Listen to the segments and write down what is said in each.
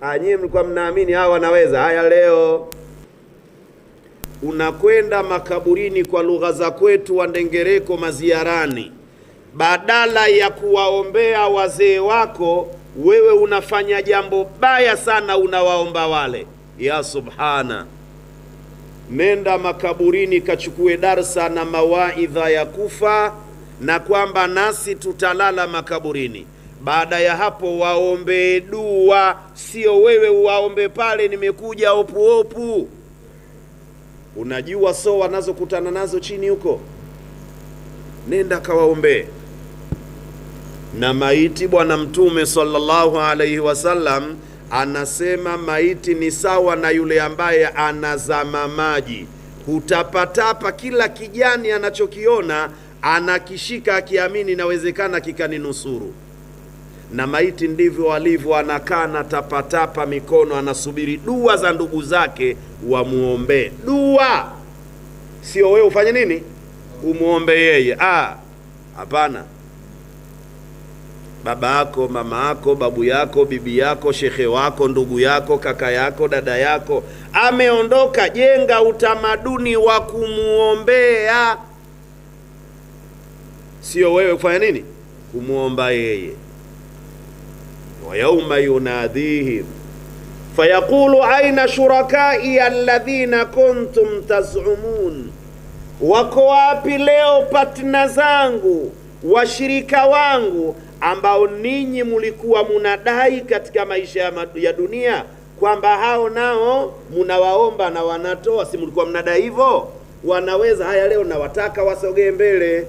Ah, nyie mlikuwa mnaamini hawa wanaweza. Haya, leo unakwenda makaburini kwa lugha za kwetu, wandengereko maziarani, badala ya kuwaombea wazee wako, wewe unafanya jambo baya sana, unawaomba wale. Ya subhana, nenda makaburini kachukue darsa na mawaidha ya kufa, na kwamba nasi tutalala makaburini. Baada ya hapo waombee dua, sio wewe uwaombe pale nimekuja opu. Unajua so wanazokutana nazo chini huko, nenda kawaombee. Na maiti, Bwana Mtume sallallahu alaihi wasallam anasema maiti ni sawa na yule ambaye anazama maji, hutapatapa kila kijani anachokiona anakishika, akiamini inawezekana kikaninusuru na maiti ndivyo alivyo, anakaa na tapatapa mikono, anasubiri dua za ndugu zake wamwombee. Dua sio wewe ufanye nini, umwombe yeye. Ah, hapana. Baba yako, mama yako, babu yako, bibi yako, shekhe wako, ndugu yako, kaka yako, dada yako ameondoka, jenga utamaduni wa kumwombea, sio wewe kufanya nini, kumwomba yeye wa yauma yunadihim fayaqulu aina shurakai alladhina kuntum tazumun, wako wapi leo patna zangu washirika wangu ambao ninyi mulikuwa munadai katika maisha ya dunia kwamba hao nao munawaomba na wanatoa. Si mulikuwa mnadai hivyo? Wanaweza haya, leo nawataka wasogee mbele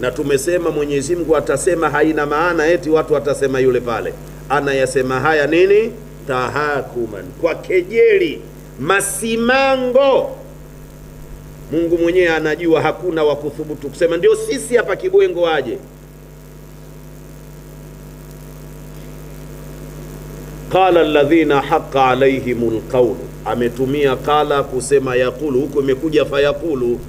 na tumesema Mwenyezi Mungu atasema, haina maana eti watu watasema yule pale anayasema haya nini, tahakuman, kwa kejeli, masimango. Mungu mwenyewe anajua hakuna wa kuthubutu kusema ndio sisi hapa Kibwengo aje qala alladhina haqa alaihim qaulu, ametumia qala kusema yaqulu, huko imekuja fayaqulu